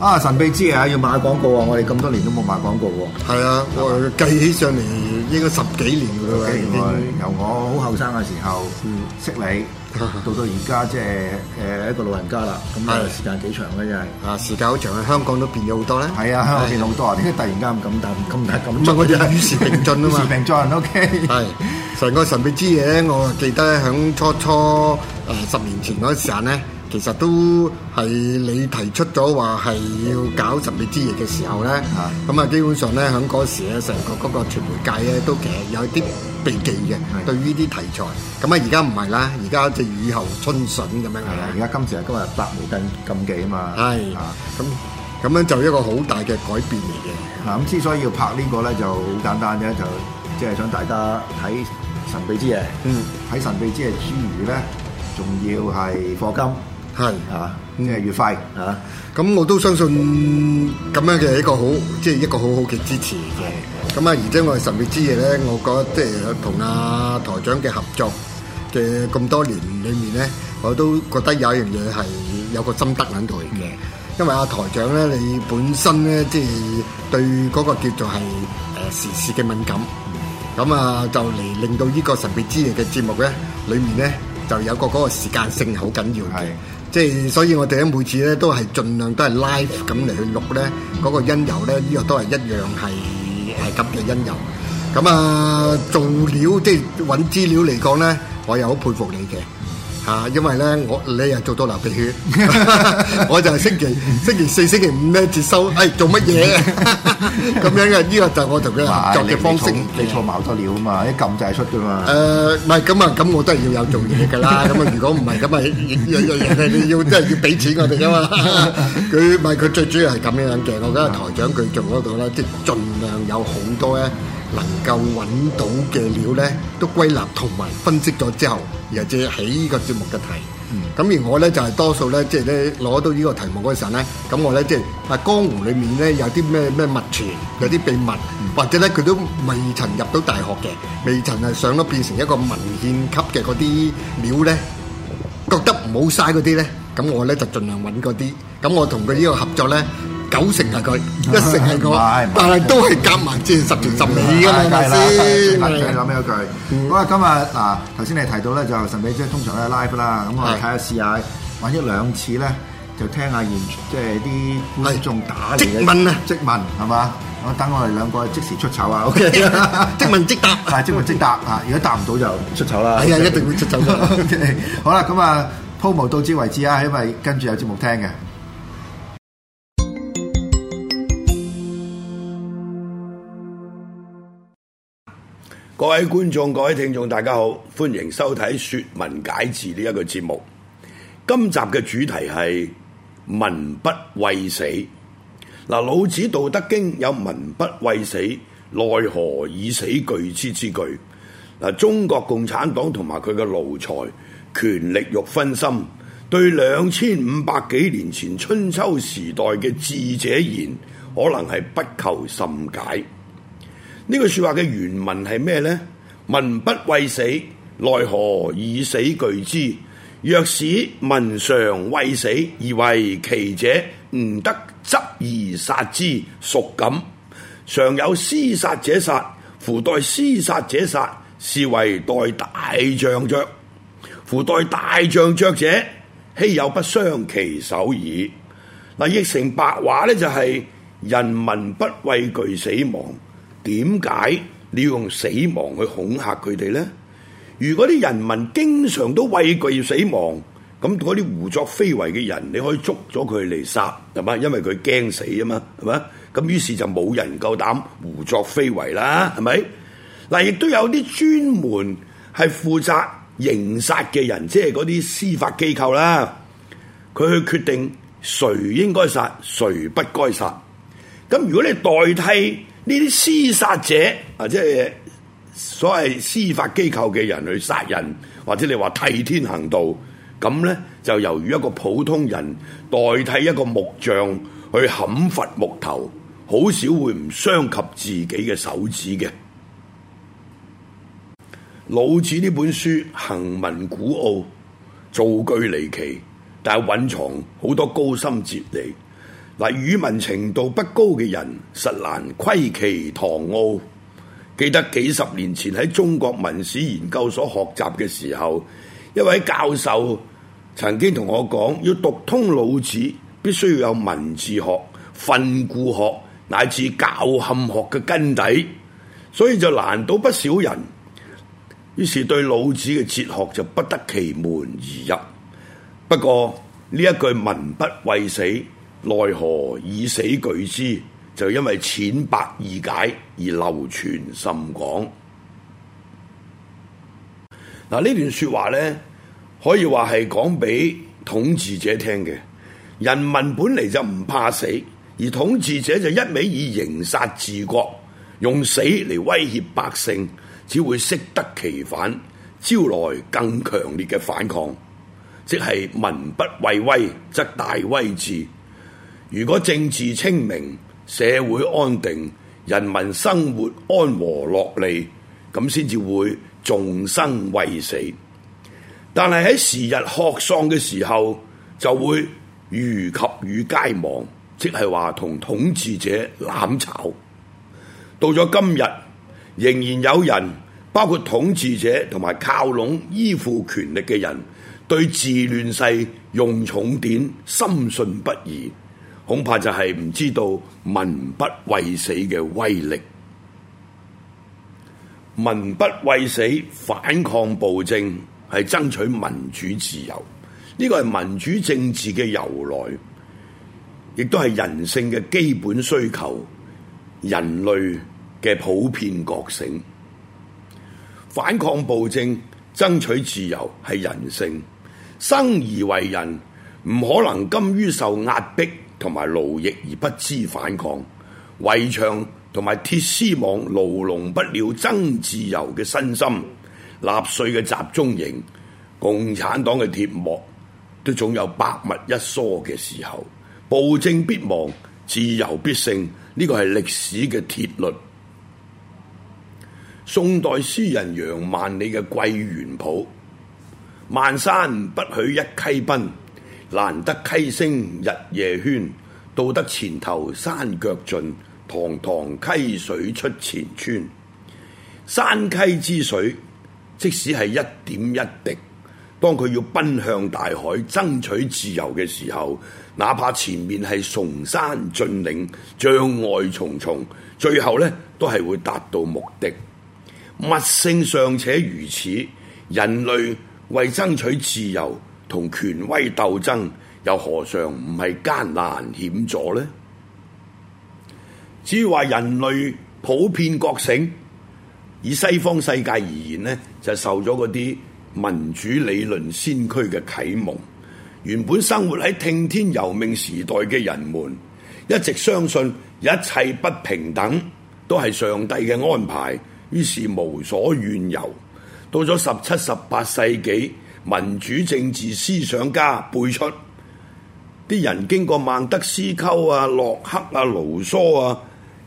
啊！神秘之夜啊，要買廣告啊！我哋咁多年都冇買廣告喎。係啊，我計起上嚟應該十幾年㗎啦。原來由我好後生嘅時候識你，到到而家即係誒一個老人家啦。係時間幾長咧，又係啊！時間好長啊，香港都變咗好多咧。係啊，香港變好多啊！點解突然間咁大咁大咁？唔係我哋與時並進啊嘛。與時並進，OK。係，成個神秘之夜咧，我記得喺初初誒十年前嗰時間咧。其實都係你提出咗話係要搞神秘之夜嘅時候咧，咁啊基本上咧喺嗰時咧，成個嗰個傳媒界咧都其實有啲避忌嘅，對於啲題材。咁啊而家唔係啦，而家就雨後春筍咁樣嘅。而家今時啊，今日百無禁禁忌啊嘛。係啊，咁咁樣就一個好大嘅改變嚟嘅。嗱，咁之所以要拍呢個咧，就好簡單啫，就即係想大家睇神秘之夜，睇神秘之夜之餘咧，仲要係課金。係、嗯，啊咁啊，月費，啊咁我都相信咁樣嘅一個好，即、就、係、是、一個好好嘅支持嘅。咁啊的，而家我哋神秘之夜咧，我覺得即係同阿台長嘅合作嘅咁多年裏面咧，我都覺得有一樣嘢係有個心得喺度嘅。的因為阿、啊、台長咧，你本身咧即係對嗰個叫做係誒、呃、時事嘅敏感，咁啊的就嚟令到呢個神秘之夜嘅節目咧，裏面咧就有個嗰個時間性好緊要嘅。的即係所以我哋咧每次咧都係盡量都係 live 咁嚟去錄咧，個 個音由咧呢、這個都係一樣係係咁嘅音由。咁啊，做料即係揾資料嚟講咧，我又好佩服你嘅。啊，因為咧，我你又做到流鼻血，我就係星期星期四、星期五咧接收，係做乜嘢？咁樣嘅，呢個就係我同佢做嘅方式，你錯冇得了啊嘛，啲撳就係出啫嘛。誒，唔係咁啊，咁我都係要有做嘢㗎啦。咁啊，如果唔係咁啊，有樣嘢你要真係要俾錢我哋㗎嘛？佢咪佢最主要係咁樣嘅，我覺得台長佢做嗰度咧，即係儘量有好多咧，能夠揾到嘅料咧，都歸納同埋分析咗之後，又後再喺呢個節目嘅題目。咁、嗯、而我咧就係、是、多數咧，即係攞到呢個題目嗰陣咧，咁我咧即係啊江湖裏面咧有啲咩咩秘傳，有啲秘密，嗯、或者咧佢都未曾入到大學嘅，未曾啊上到變成一個文獻級嘅嗰啲料咧，覺得唔好嘥嗰啲咧，咁我咧就盡量揾嗰啲，咁我同佢呢個合作咧。九成係佢，一成係我，但係都係夾埋即係十條十五㗎啦，先。咁你諗咩嗰句？好啊，今日嗱頭先你提到咧就神秘即係通常都係 live 啦，咁我哋睇下試下，玩一兩次咧就聽下現場即係啲觀眾打嚟嘅問咧，即問係嘛？我等我哋兩個即時出醜啊！OK，即問即答，係即問即答啊！如果答唔到就出醜啦。係啊，一定會出醜嘅。好啦，咁啊鋪模到此為止啊，因為跟住有節目聽嘅。各位觀眾、各位聽眾，大家好，歡迎收睇《說文解字》呢一個節目。今集嘅主題係“民不畏死”。嗱，《老子》《道德經》有“民不畏死，奈何以死懼之”之句。嗱，中國共產黨同埋佢嘅奴才，權力欲分心，對兩千五百幾年前春秋時代嘅智者言，可能係不求甚解。呢句說話嘅原文係咩呢？「民不畏死，奈何以死懼之？若使民常畏死，而為奇者，吾得執而殺之，孰敢？常有司殺者殺，夫代司殺者殺，是謂代大匠斲。夫代大匠斲者，希有不傷其手矣。」嗱，譯成白話呢、就是，就係人民不畏懼死亡。點解你要用死亡去恐嚇佢哋呢？如果啲人民經常都畏懼死亡，咁嗰啲胡作非為嘅人，你可以捉咗佢嚟殺，係嘛？因為佢驚死啊嘛，係嘛？咁於是就冇人夠膽胡作非為啦，係咪？嗱，亦都有啲專門係負責刑殺嘅人，即係嗰啲司法機構啦，佢去決定誰應該殺，誰不該殺。咁如果你代替，呢啲司殺者，或者所謂司法機構嘅人去殺人，或者你話替天行道，咁呢就猶如一個普通人代替一個木匠去砍伐木頭，好少會唔傷及自己嘅手指嘅。老子呢本書行文古奧，造句離奇，但係藴藏好多高深哲理。嗱，語文程度不高嘅人實難窺其堂奧。記得幾十年前喺中國文史研究所學習嘅時候，一位教授曾經同我講，要讀通老子，必須要有文字學、訓詁學乃至校勘學嘅根底，所以就難倒不少人，於是對老子嘅哲學就不得其門而入。不過呢一句，民不畏死。奈何以死懼之？就因為淺白易解而流傳甚廣。嗱，呢段說話咧，可以話係講俾統治者聽嘅。人民本嚟就唔怕死，而統治者就一味以刑殺治國，用死嚟威脅百姓，只會適得其反，招來更強烈嘅反抗。即係民不畏威，則大威至。如果政治清明、社會安定、人民生活安和樂利，咁先至會重生畏死。但係喺時日曷喪嘅時候，就會予及汝皆亡，即係話同統治者攬炒。到咗今日，仍然有人包括統治者同埋靠攏依附權力嘅人，對治亂世用重典深信不疑。恐怕就係唔知道民不畏死嘅威力，民不畏死反抗暴政，係爭取民主自由。呢個係民主政治嘅由來，亦都係人性嘅基本需求，人類嘅普遍覺醒。反抗暴政、爭取自由係人性，生而為人唔可能甘於受壓迫。同埋奴役而不知反抗，圍牆同埋鐵絲網牢籠不了爭自由嘅身心，納粹嘅集中營，共產黨嘅鐵幕，都總有百密一疏嘅時候。暴政必亡，自由必勝，呢個係歷史嘅鐵律。宋代詩人楊萬里嘅《桂元譜》，萬山不許一溪奔。難得溪聲日夜喧，到得前頭山腳盡，堂堂溪水出前村。山溪之水，即使係一點一滴，當佢要奔向大海，爭取自由嘅時候，哪怕前面係崇山峻嶺、障礙重重，最後呢都係會達到目的。物性尚且如此，人類為爭取自由。同權威鬥爭又何嘗唔係艱難險阻呢？至於話人類普遍覺醒，以西方世界而言咧，就受咗嗰啲民主理論先驅嘅啟蒙。原本生活喺聽天由命時代嘅人們，一直相信一切不平等都係上帝嘅安排，於是無所怨尤。到咗十七、十八世紀，民主政治思想家輩出，啲人經過孟德斯鳩啊、洛克啊、盧梭啊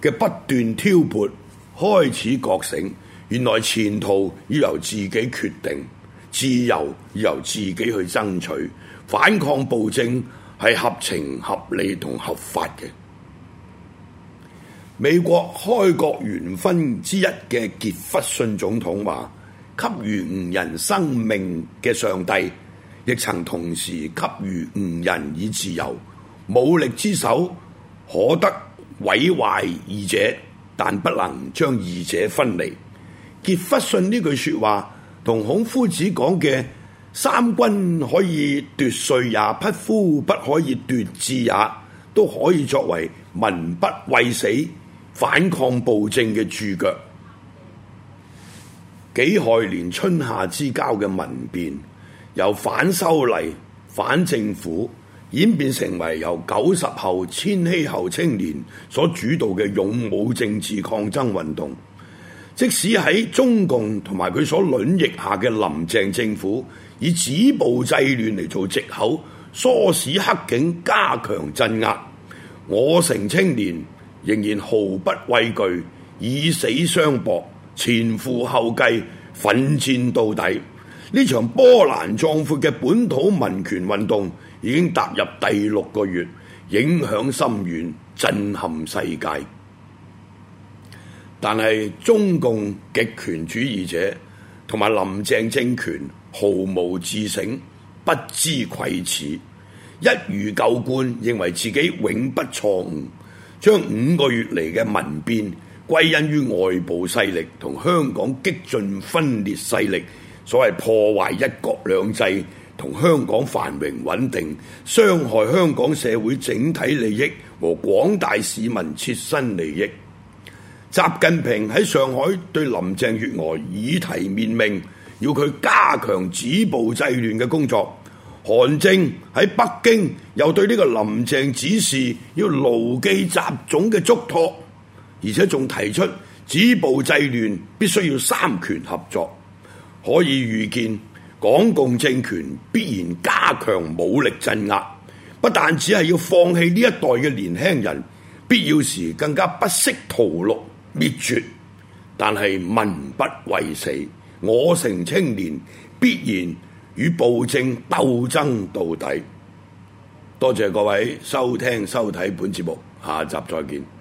嘅不斷挑撥，開始覺醒，原來前途要由自己決定，自由要由自己去爭取，反抗暴政係合情合理同合法嘅。美國開國元勳之一嘅傑弗遜總統話。給予吾人生命嘅上帝，亦曾同時給予吾人以自由。武力之手可得毀壞二者，但不能將二者分離。傑弗遜呢句說話，同孔夫子講嘅“三軍可以奪帥也，匹夫不可以奪志也”，都可以作為民不畏死、反抗暴政嘅注腳。己亥年春夏之交嘅民變，由反修例、反政府演變成為由九十後、千禧後青年所主導嘅勇武政治抗爭運動。即使喺中共同埋佢所卵翼下嘅林鄭政府，以止暴制亂嚟做藉口，唆使黑警加強鎮壓，我城青年仍然毫不畏懼，以死相搏。前赴後繼，奮戰到底。呢場波瀾壯闊嘅本土民權運動已經踏入第六個月，影響深遠，震撼世界。但係中共極權主義者同埋林鄭政，政權毫無自省，不知愧恥，一如舊慣，認為自己永不錯誤，將五個月嚟嘅民變，歸因於外部勢力同香港激進分裂勢力，所謂破壞一國兩制同香港繁榮穩定，傷害香港社會整體利益和廣大市民切身利益。習近平喺上海對林鄭月娥耳提面命，要佢加強止暴制亂嘅工作。韓正喺北京又對呢個林鄭指示，要牢記習總嘅囑託。而且仲提出止暴制亂必須要三權合作，可以預見港共政權必然加強武力鎮壓，不但只係要放棄呢一代嘅年輕人，必要時更加不惜屠戮滅絕。但係民不畏死，我城青年必然與暴政鬥爭到底。多謝各位收聽收睇本節目，下集再見。